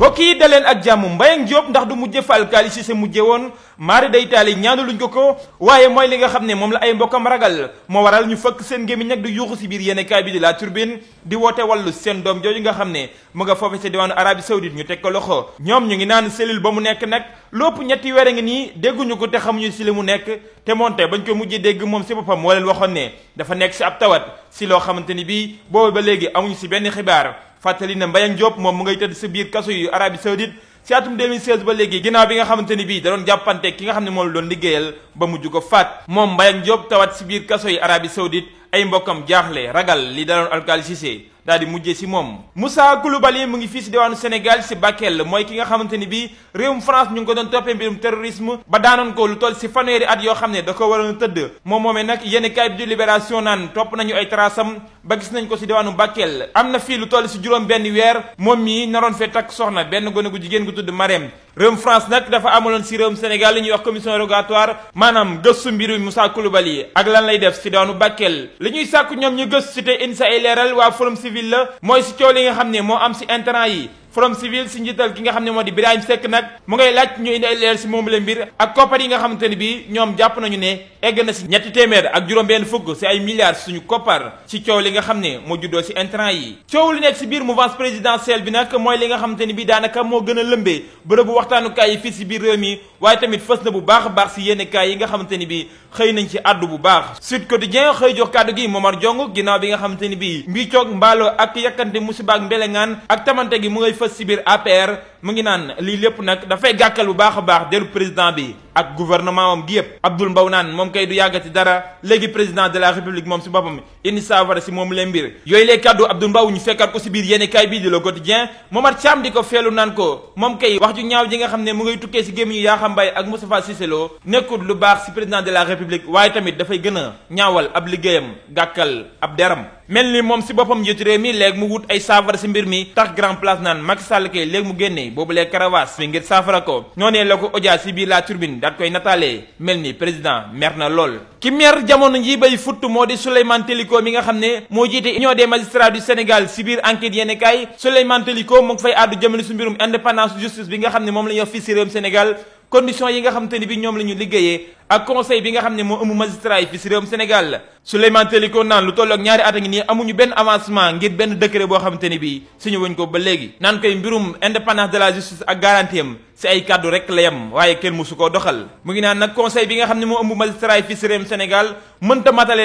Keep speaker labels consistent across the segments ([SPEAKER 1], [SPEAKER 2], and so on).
[SPEAKER 1] mbokk yi daleen ak jàmm Mbayang Diop ndax du mujje fa alkaali si sa mujje woon maari day taali ñaanu luñ ko ko waaye mooy li nga xam ne moom la ay mbokkam ragal moo waral ñu fëkk seen ngémiñ nag di yuuxu si biir yéene kaay bi di La Tribune di woote wàllu seen doom jooju nga xam ne mu nga foofe sa diwaanu Arabie Saoudite ñu teg ko loxo ñoom ñu ngi naan cellule ba mu nekk nag lépp ñetti weer a ngi nii dégguñu ko te xamuñu si li mu nekk te moonte bañ ko mujjee dégg moom si boppam moo leen waxoon ne dafa nekk si ab tawat si xamante ni bii boobu ba léegi amuñu si benn xibaar fàttali ne Mbayang Diop moom mu ngay tëdd si biir kaso yu Arabie Saoudite si atum 2016 ba léegi ginnaaw bi nga xamante ni bii da doon jàppante ki nga xam ne moom la doon liggéeyal ba mujj ko faat moom Mbayang Diop tawat si biir kaso yu Arabie Saoudite ay mbokkam jaaxle ragal li daloon Alcali Cissé daal di mujjee si moom Moussa Koulibaly mu ngi fii si diwaanu Sénégal si Bakel mooy ki nga xamante ni bii réewum France ñu ngi ko doon toppee mbirum terrorisme ba daanoon ko lu toll si fanweeri at yoo xam ne da ko waroon a tëdd moom moomee nag yenn kaay bi di libération naan topp nañu ay trasam ba gis nañ ko si diwaanu Bakel am na fii lu toll si juróom benn weer moom mii naroon fee takk soxna benn gone gu jigéen gu tudd Marème réewum France nag dafa amuloon si réewum Sénégal li ñuy wax commission rogatoire maanaam gëstu mbiru Moussa Coulibaly ak lan lay def si doonu Bakel li ñuy sàkk ñoom ñu gëstu te indi sa ay leeral waa Forum Civil la mooy si coow li nga xam ne moo am si intrant yi Forum Civil si njiital ki nga xam ne moo di Birahim Seck nag mu ngay laaj ñu indi ay leer si moom la mbir ak koppar yi nga xamante ne bii ñoom jàpp nañu ne egg na si ñetti téeméer ak juróom-benn fukk si ay milliards suñu koppar si coow li nga xam ne moo juddoo si intrant yi coow lu nekk si biir mouvance présidentielle bi nag mooy li nga xamante ne bii daanaka moo gën a lëmbee bërëbu waxtaanukaay yi fii si biir réew mi waaye tamit fës na bu baax a baax si yenn yi nga xamante ni bi xëy nañ ci àddu bu baax Sud Quotidien xëy jox kàddu gi Momar Diong ginnaaw bi nga xamante ni bi mbiicoog mbaaloo ak yàkkante musiba ak mbelengaan ak tamante gi mu ngay fës si biir APR mu ngi naan lii lépp nag dafay gàkkal bu baax a baax dellu président bi ak gouvernement am gi yëpp Abdoul naan moom kay du yàggati dara léegi président de la république moom si boppam indi saafara si moom leen mbir yooyu lay kàddu Abdoul Mbaw ñu fekkaat ko si biir yéeni kaay bii di Le Quotidien Momar Thiam di ko feelu naan ko moom kay wax ju ñaaw ji nga xam ne mu ngay tukkee si gémmiñu Yakham Mbaye ak Moustapha Cissé Lo lu baax si président de la république waaye tamit dafay gën a ñaawal ab liggéeyam gàkkal ab deram mel ni moom si boppam njiitu réew mi léegi mu wut ay saafara si mbir mi tax grand place naan Macky Sall kay léegi mu génne boobu lee karawaas mi ngir saafara ko noonee la ko odia si biir la turbine daat koy nataalee mel ni président mer na lool ki mer jamono ji bay futt moo di Souleymane Teliko mi nga xam ne moo jiite union des magistrats du Sénégal si biir enquête yéen kaay Souleymane Teliko mu ngi fay àddu jëmale su mbirum indépendance justice bi nga xam ne moom la ñu wax fii si réewum Sénégal condition yi nga xam te ni bi ñoom la ñu liggéeyee ak conseil bi nga xam ne moo ëmb magistrat yi fii si réewum Sénégal Souleymane Teliko naan lu tollook ñaari at ngi nii amuñu benn avancement ngir benn décret boo xam ni bi suñu wuñ ko ba léegi naan koy mbirum indépendance de la justice ak am si ay kàddu rek la yem waaye kenn mosu koo doxal mu ngi naan nag conseil bi nga xam ne moo ëmb magistrat yi fii si réewum Sénégal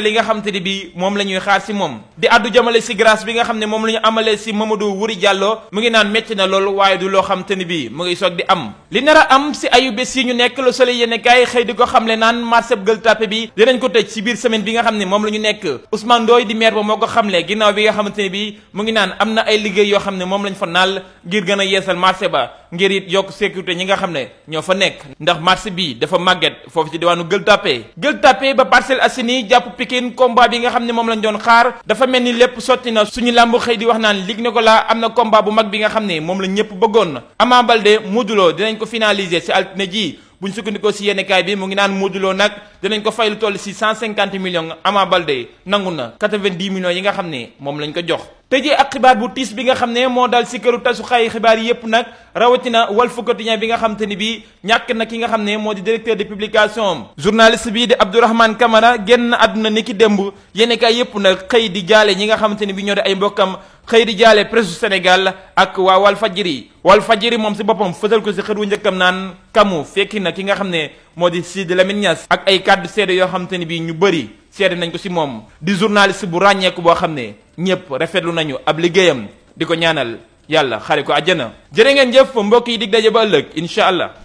[SPEAKER 1] li nga xam te bii moom la ñuy xaar si moom di addu jamale si bi nga xam ne moom la ñu amalee si Mamadou Wuri Diallo ngi naan métti na lool waaye du loo xam ni bii mu ngi soog am li nar a am si ayu bés yi ñu nekk Le Soleil yéene kaay xëy di ko xamle naan marché Gueule Tapée bi dinañ ko tëj si biir semaine xam ne moom la ñu nekk Ousmane Ndoye di maire ba moo ko xamle ginnaaw bi nga xamante ne bii mu ngi naan am na ay liggéey yoo xam ne moom lañ fa naal ngir gën a yeesal marché ba ngir it yokk sécurité recruter ñi nga xam ne ñoo fa nekk ndax marché bi dafa màgget foofu ci diwaanu gël Tapée gël Tapée ba Parcelles Assainies jàpp Pikine combat bi nga xam ne moom lañ doon xaar dafa mel ni lépp sotti na suñu làmb xëy di wax naan ko Nicolas am na combat bu mag bi nga xam ne moom la ñëpp bëggoon Ama Baldé Modou Lô dinañ ko finaliser si altine ji bu ñu sukkandikoo si yenn bi mu ngi naan Modou Lo nag dinañ ko fay lu toll si 150 millions Ama Baldé nangu na 90 millions yi nga xam ne moom lañ ko jox. tëjee ak xibaar bu tiis bi nga xam ne moo dal si këru tasuxaayu xibaar yépp nag rawatina Walf Quotidien bi nga xam te ni bii ñàkk nag ki nga xam ne moo di directeur de publication am. journaliste bii di Abdourahmane Camara génn àdduna ni ki démb yenn kaay yépp nag xëy di jaale ñi nga xam te ni bii ñoo di ay mbokkam. xëy di jaale presse Sénégal ak waa Walfadjri Walfadjri moom si boppam fësal ko si xët wu njëkkam naan kamu fekki na ki nga xam ne moo di Sidi Lamine Niass ak ay kàddu seede yoo xam te ne bii ñu bëri seede nañ ko si moom di journaliste bu ràññeeku boo xam ne ñëpp rafetlu nañu ab liggéeyam di ko ñaanal yàlla xare ko àjjana jërë ngeen jëf mbokk yi di daje ba ëllëg incha allah